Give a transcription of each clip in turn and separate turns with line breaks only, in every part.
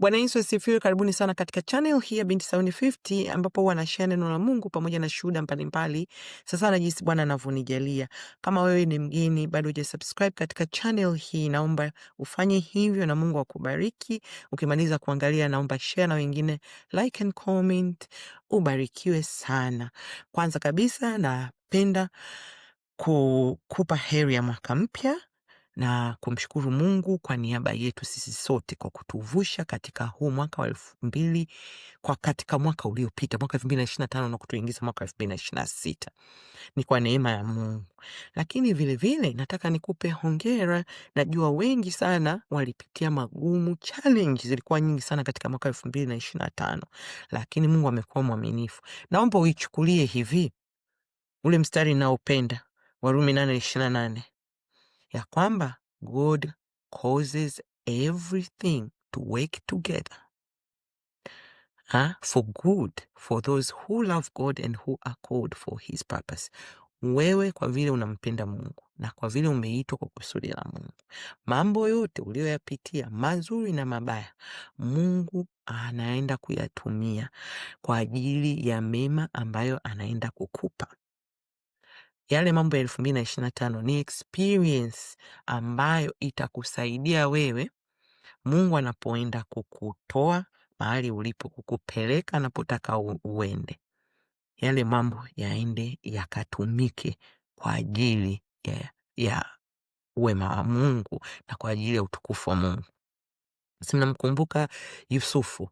Bwana Yesu asifiwe. Karibuni sana katika channel hii ya Binti Sayuni 50 ambapo huwa nashare neno la Mungu pamoja na shuhuda mbalimbali. Sasa na jinsi Bwana anavyonijalia. Kama wewe ni mgeni bado hujasubscribe katika channel hii, naomba ufanye hivyo na Mungu akubariki. Ukimaliza kuangalia, naomba share na wengine, like and comment. Ubarikiwe sana. Kwanza kabisa napenda kukupa heri ya mwaka mpya na kumshukuru Mungu kwa niaba yetu sisi sote kwa kutuvusha katika huu mwaka wa elfu mbili kwa katika mwaka uliopita mwaka elfu mbili na ishiri na tano na kutuingiza mwaka elfu mbili na ishiri na sita ni kwa neema ya Mungu. Lakini vilevile vile, nataka nikupe hongera. Najua wengi sana walipitia magumu, challenge zilikuwa nyingi sana katika mwaka elfu mbili na ishiri na tano lakini Mungu amekuwa mwaminifu. Naomba uichukulie hivi ule mstari naopenda Warumi nane ishiri na nane ya kwamba God causes everything to work together ha? Ah, for good for those who love God and who are called for his purpose. Wewe kwa vile unampenda Mungu na kwa vile umeitwa kwa kusudi la Mungu, mambo yote uliyoyapitia mazuri na mabaya, Mungu anaenda kuyatumia kwa ajili ya mema ambayo anaenda kukupa yale mambo ya elfu mbili na ishirini na tano ni experience ambayo itakusaidia wewe Mungu anapoenda kukutoa mahali ulipo, kukupeleka anapotaka uende, yale mambo yaende yakatumike kwa ajili ya, ya wema wa Mungu na kwa ajili ya utukufu wa Mungu. Si mnamkumbuka Yusufu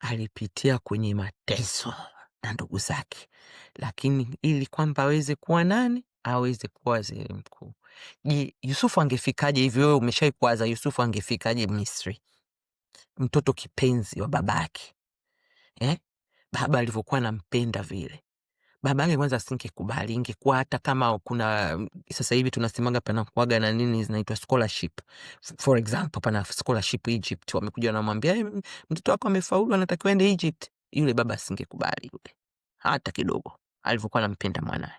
alipitia kwenye mateso na ndugu zake, lakini ili kwamba aweze kuwa nani, aweze kuwa waziri mkuu. Je, Yusufu angefikaje hivi? Wewe umeshai kuwaza Yusufu angefikaje Misri, mtoto kipenzi wa babake eh? Baba alivyokuwa anampenda vile baba yake kwanza asingekubali, ingekuwa hata kama kuna mm, sasa hivi tunasemaga panakuaga na nini zinaitwa scholarship. For example, pana scholarship Egypt, wamekuja wanamwambia mtoto wako amefaulu, anatakiwa ende Egypt yule baba asingekubali yule hata kidogo, alivyokuwa anampenda mwanaye.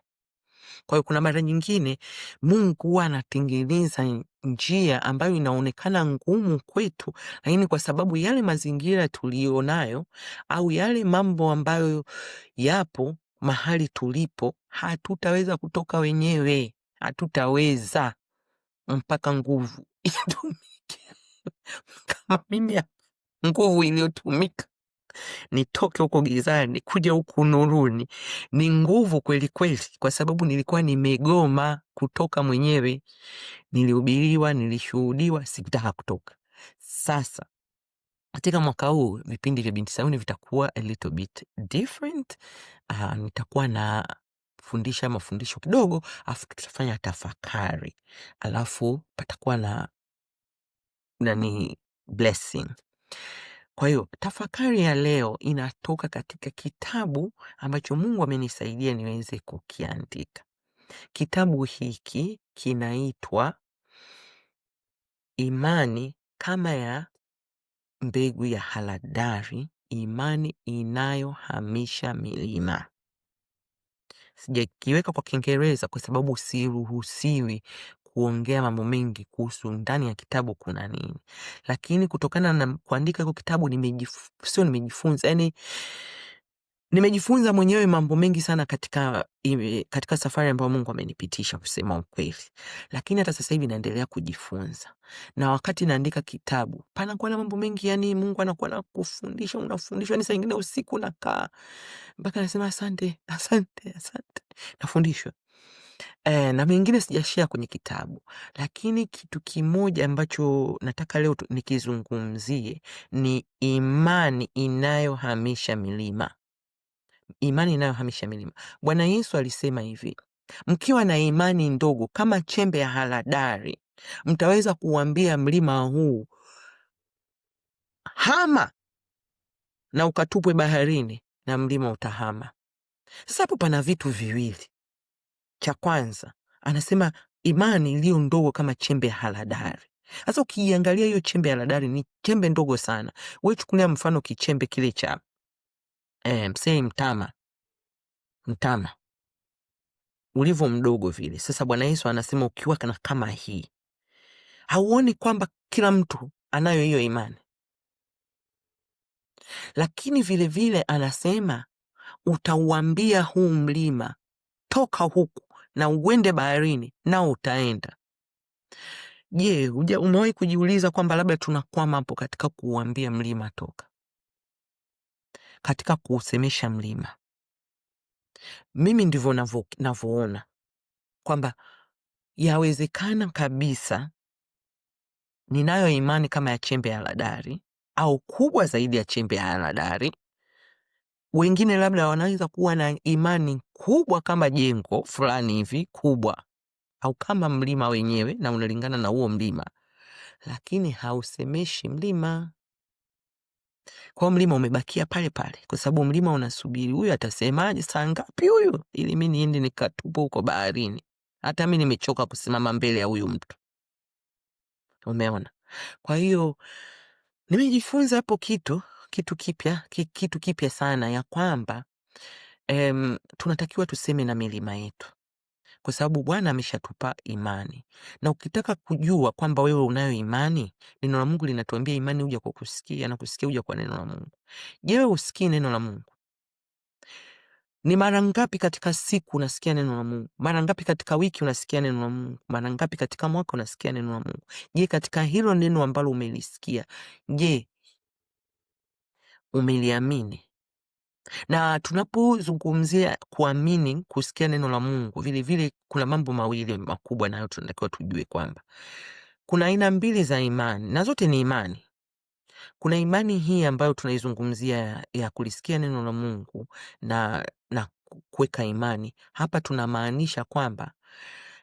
Kwa hiyo kuna mara nyingine Mungu huwa anatengeneza njia ambayo inaonekana ngumu kwetu, lakini kwa sababu yale mazingira tuliyonayo au yale mambo ambayo yapo mahali tulipo, hatutaweza kutoka wenyewe, hatutaweza mpaka nguvu itumike kama mimi, nguvu iliyotumika nitoke huko gizani kuja huku nuruni. Ni nguvu kweli kweli, kwa sababu nilikuwa nimegoma kutoka mwenyewe. Nilihubiriwa, nilishuhudiwa, sikutaka kutoka. Sasa katika mwaka huu vipindi vya Binti Sayuni vitakuwa a little bit different. Uh, nitakuwa na fundisha mafundisho kidogo, alafu tutafanya tafakari, alafu patakuwa na nani blessing kwa hiyo tafakari ya leo inatoka katika kitabu ambacho Mungu amenisaidia niweze kukiandika. Kitabu hiki kinaitwa Imani kama ya mbegu ya haradali, imani inayohamisha milima. Sijakiweka kwa Kiingereza kwa sababu siruhusiwi kuongea mambo mengi kuhusu ndani ya kitabu kuna nini, lakini kutokana na kuandika hiko kitabu nimejifu, sio nimejifunza yani nimejifunza mwenyewe mambo mengi sana katika, katika safari ambayo Mungu amenipitisha kusema ukweli, lakini hata sasa hivi naendelea kujifunza, na wakati naandika kitabu panakuwa na mambo mengi, yani Mungu anakuwa na kufundisha, unafundishwa. Yani saa ingine usiku nakaa mpaka nasema asante, asante, asante, nafundishwa Eh, na mengine sijashia kwenye kitabu, lakini kitu kimoja ambacho nataka leo nikizungumzie ni imani inayohamisha milima. Imani inayohamisha milima. Bwana Yesu alisema hivi, mkiwa na imani ndogo kama chembe ya haradali, mtaweza kuuambia mlima huu hama, na ukatupwe baharini, na mlima utahama. Sasa hapo pana vitu viwili cha kwanza anasema imani iliyo ndogo kama chembe ya haradali. Sasa ukiiangalia hiyo chembe ya haradali ni chembe ndogo sana. Wewe chukulia mfano kichembe kile cha eh, msei mtama, mtama ulivyo mdogo vile. Sasa Bwana Yesu anasema ukiwa kana kama hii, hauoni kwamba kila mtu anayo hiyo imani? Lakini vilevile vile anasema utauambia huu mlima toka huku na uende baharini, nao utaenda. Je, umewahi kujiuliza kwamba labda tunakwama hapo katika kuuambia mlima toka, katika kuusemesha mlima? Mimi ndivyo navyoona kwamba yawezekana kabisa, ninayo imani kama ya chembe ya haradali au kubwa zaidi ya chembe ya haradali, wengine labda wanaweza kuwa na imani kubwa kama jengo fulani hivi kubwa au kama mlima wenyewe, na unalingana na huo mlima, lakini hausemeshi mlima. Kwa mlima umebakia pale pale, kwa sababu mlima unasubiri huyu atasemaje, saa ngapi huyu, ili mi niende nikatupa huko baharini. Hata mi nimechoka kusimama mbele ya huyu mtu. Umeona? Kwa hiyo nimejifunza hapo kitu kitu kipya kitu kipya sana ya kwamba em, tunatakiwa tuseme na milima yetu, kwa sababu Bwana ameshatupa imani, na ukitaka kujua kwamba wewe unayo imani, neno la Mungu linatuambia imani huja kwa kusikia na kusikia huja kwa neno la Mungu. Je, wewe usikii neno la Mungu? Ni mara ngapi katika siku unasikia neno la Mungu? Mara ngapi katika wiki unasikia neno la Mungu? Mara ngapi katika mwaka unasikia neno la Mungu? Je, katika hilo neno ambalo umelisikia, je, umeliamini. Na tunapozungumzia kuamini, kusikia neno la Mungu, vile vile kuna mambo mawili makubwa nayo tunatakiwa tujue kwamba kuna aina mbili za imani na zote ni imani. Kuna imani hii ambayo tunaizungumzia ya kulisikia neno la Mungu na, na kuweka imani. Hapa tunamaanisha kwamba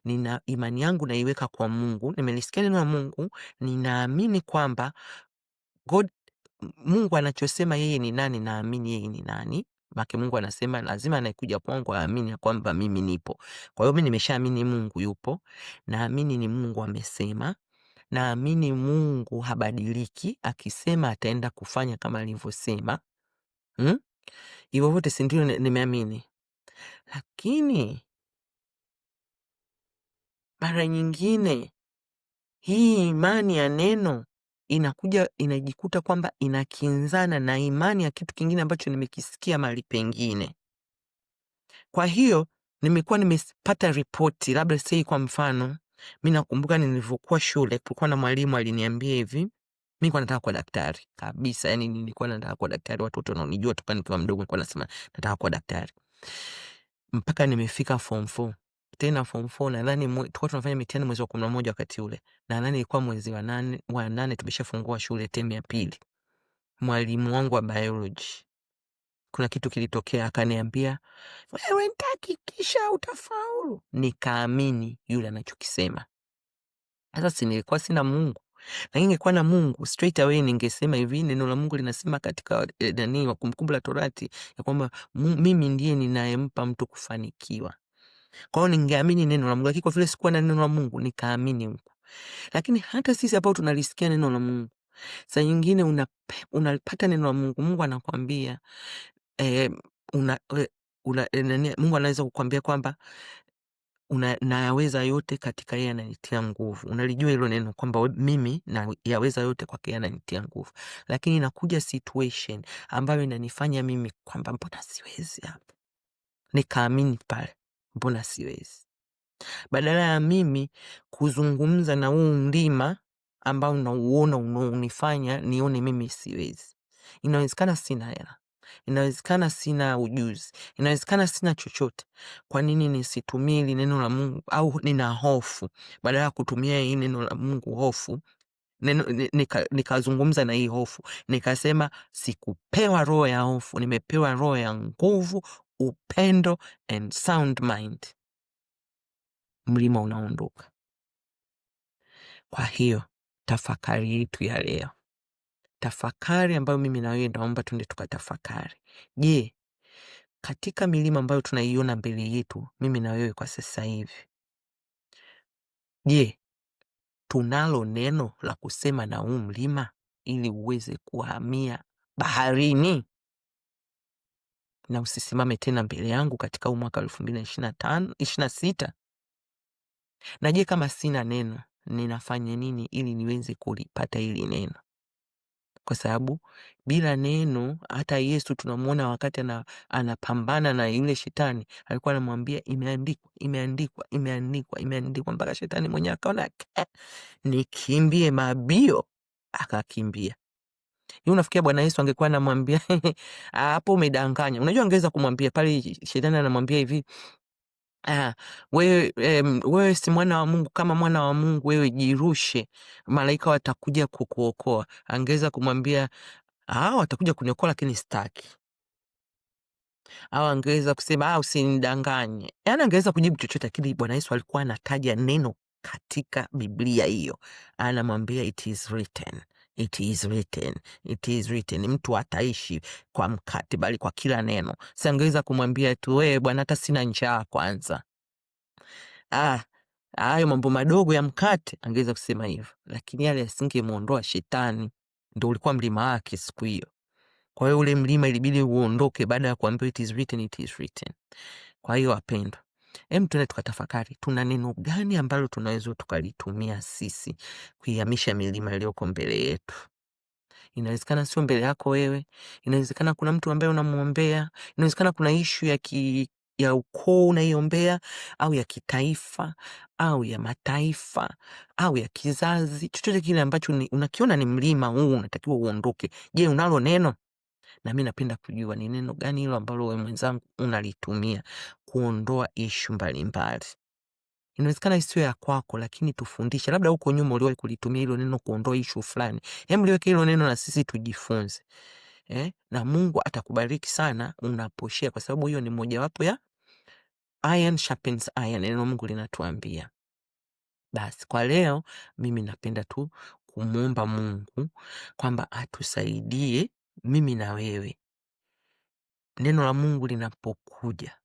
nina imani yangu naiweka kwa Mungu, nimelisikia neno la Mungu, ninaamini kwamba God Mungu anachosema yeye ni nani, naamini yeye ni nani. make Mungu anasema lazima anayekuja kwangu aamini ya kwamba mimi nipo. Kwa hiyo mi nimeshaamini Mungu yupo, naamini ni Mungu amesema, naamini Mungu habadiliki, akisema ataenda kufanya kama alivyosema. Hmm? Hivyo vyote si ndio nimeamini, lakini mara nyingine hii imani ya neno inakuja inajikuta kwamba inakinzana na imani ya kitu kingine ambacho nimekisikia mahali pengine. Kwa hiyo nimekuwa nimepata ripoti, labda sei, kwa mfano mi nakumbuka nilivyokuwa shule kulikuwa na mwalimu aliniambia hivi, mi nilikuwa nataka kuwa daktari kabisa, yani nilikuwa nataka kuwa daktari. Watoto wanaonijua toka nikiwa mdogo, nilikuwa nasema nataka kuwa daktari mpaka nimefika form four tena form 4 nadhani tulikuwa tunafanya mitihani mwezi wa kumi na moja wakati ule, nadhani ilikuwa mwezi wa nane, wa nane tumeshafungua shule temu ya pili. Mwalimu wangu wa biology kuna kitu kilitokea, akaniambia wewe nitahakikisha utafaulu. Nikaamini yule anachokisema. Sasa si nilikuwa sina Mungu, lakini ningekuwa na Mungu straight away ningesema hivi, neno la Mungu linasema katika eh, nani, Kumbukumbu la Torati ya kwamba mimi ndiye ninayempa mtu kufanikiwa. Kwa hiyo ningeamini neno la Mungu, lakini kwa vile sikuwa na neno la Mungu nikaamini huko. Lakini hata sisi ambao tunalisikia neno la Mungu, saa nyingine unapata una neno la Mungu, Mungu anakwambia eh, una, una, una, eh, Mungu anaweza kukwambia kwamba una, nayaweza yote katika yeye ananitia nguvu. Unalijua hilo neno kwamba mimi nayaweza yote kwake ananitia nguvu, lakini inakuja situation ambayo inanifanya mimi kwamba mbona siwezi hapo, nikaamini pale mbona siwezi? Badala ya mimi kuzungumza na huu mlima ambao nauona unaonifanya nione mimi siwezi. Inawezekana sina hela, inawezekana sina ujuzi, inawezekana sina chochote. Kwa nini nisitumie hili neno la Mungu? Au nina hofu, badala ya kutumia hii neno la Mungu hofu neno nikazungumza nika na hii hofu nikasema, sikupewa roho ya hofu, nimepewa roho ya nguvu, upendo and sound mind, mlima unaondoka. Kwa hiyo tafakari yetu ya leo, tafakari ambayo mimi na wewe naomba tuende tukatafakari. Je, katika milima ambayo tunaiona mbele yetu mimi na wewe kwa sasa hivi, je, tunalo neno la kusema na huu mlima ili uweze kuhamia baharini? na usisimame tena mbele yangu katika huu mwaka wa elfu mbili na ishirini na sita. Na je, kama sina neno, ninafanya nini ili niweze kulipata hili neno? Kwa sababu bila neno, hata Yesu tunamwona wakati anapambana na yule shetani, alikuwa anamwambia imeandikwa, imeandikwa, imeandikwa, imeandikwa, mpaka shetani mwenyewe akaona eh, nikimbie mabio, akakimbia. Yeye unafikia Bwana Yesu angekuwa anamwambia hapo umedanganya. Unajua angeweza kumwambia pale, shetani anamwambia hivi Ah, wewe um, wewe si mwana wa Mungu. Kama mwana wa Mungu wewe jirushe, malaika watakuja kukuokoa. Angeweza kumwambia ah, watakuja kuniokoa lakini sitaki, au angeweza kusema ah, usinidanganye. Yaani angeweza kujibu chochote, lakini Bwana Yesu alikuwa anataja neno katika Biblia hiyo, anamwambia it is written. It is written, it is written. Mtu ataishi kwa mkate, bali kwa kila neno. Sangeweza kumwambia tu wewe bwana, hata sina njaa kwanza. Ah, hayo mambo madogo ya mkate, angeweza kusema hivyo, lakini yale asingemwondoa shetani. Ndo ulikuwa mlima wake siku hiyo. Kwa hiyo ule mlima ilibidi uondoke baada ya kuambiwa it is written, it is written. Kwa hiyo wapendwa Hem, yaani tuende tukatafakari tuna neno gani ambalo tunaweza tukalitumia sisi kuihamisha milima iliyoko mbele yetu. Inawezekana sio mbele yako wewe, inawezekana kuna mtu ambaye unamwombea, inawezekana kuna ishu ya ki, ya ukoo unaiombea au ya kitaifa au ya mataifa au ya kizazi, chochote kile ambacho unakiona ni mlima huu unatakiwa uondoke. Je, unalo neno? na mi napenda kujua ni neno gani hilo ambalo we mwenzangu unalitumia kuondoa ishu mbalimbali. Inawezekana isiyo ya kwako, lakini tufundishe. Labda huko nyuma uliwahi kulitumia hilo neno kuondoa ishu fulani, hem, liweke hilo neno na sisi tujifunze eh? Na Mungu atakubariki sana unaposhea, kwa sababu hiyo ni mojawapo ya iron sharpens iron, neno Mungu linatuambia. Basi kwa leo mimi napenda tu kumwomba Mungu kwamba atusaidie mimi na wewe, neno la Mungu linapokuja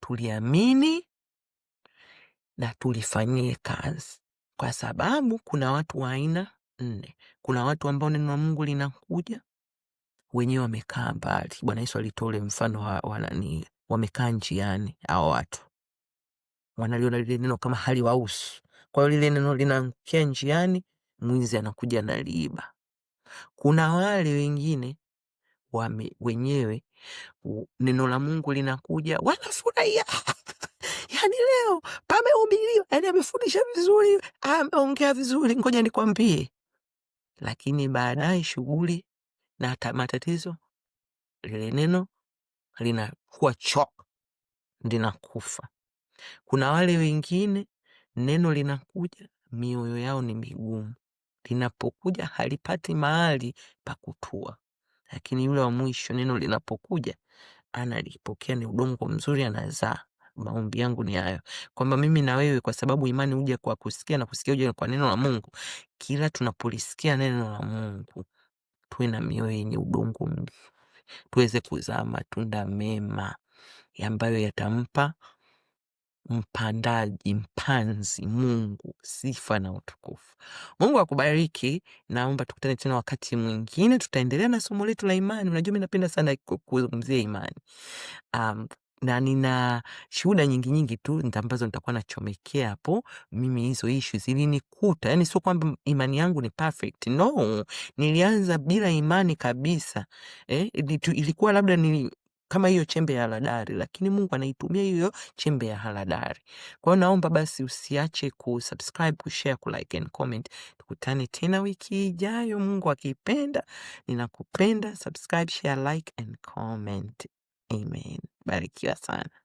tuliamini na tulifanyie kazi, kwa sababu kuna watu wa aina nne. Kuna watu ambao neno la Mungu linakuja wenyewe wamekaa mbali. Bwana Yesu alitole mfano wa, wa nani, wamekaa njiani. Hao watu wanaliona lile neno kama haliwahusu, kwa hiyo lile neno linaangukia njiani, mwizi anakuja naliiba. Kuna wale wengine wame, wenyewe neno la Mungu linakuja wanafurahia yani leo pamehubiriwa, yani amefundisha vizuri, ameongea vizuri, ngoja nikwambie. Lakini baadaye shughuli na matatizo, lile neno linakuwa chok, linakufa. Kuna wale wengine neno linakuja, mioyo yao ni migumu, linapokuja halipati mahali pa kutua lakini yule wa mwisho neno linapokuja analipokea ni udongo mzuri, anazaa. Maombi yangu ni hayo, kwamba mimi na wewe, kwa sababu imani huja kwa kusikia na kusikia huja kwa neno la Mungu. Kila tunapolisikia neno la Mungu, tuwe na mioyo yenye udongo mzuri, tuweze kuzaa matunda mema ambayo yatampa mpandaji, mpanzi Mungu, sifa na utukufu. Mungu akubariki. Naomba tukutane tena wakati mwingine, tutaendelea na somo letu la imani. Unajua, mi napenda sana kuzungumzia imani um, na nina shuhuda nyingi nyingi tu ambazo nitakuwa nachomekea hapo. Mimi hizo ishu zilinikuta, yani sio kwamba imani yangu ni perfect, no. Nilianza bila imani kabisa eh, ilikuwa labda ni kama hiyo chembe ya haradali, lakini Mungu anaitumia hiyo chembe ya haradali. Kwa hiyo naomba basi usiache kusubscribe, kushare, kulike and comment. Tukutane tena wiki ijayo, Mungu akipenda. Ninakupenda. Subscribe, share, like and comment. Amen. Barikiwa sana.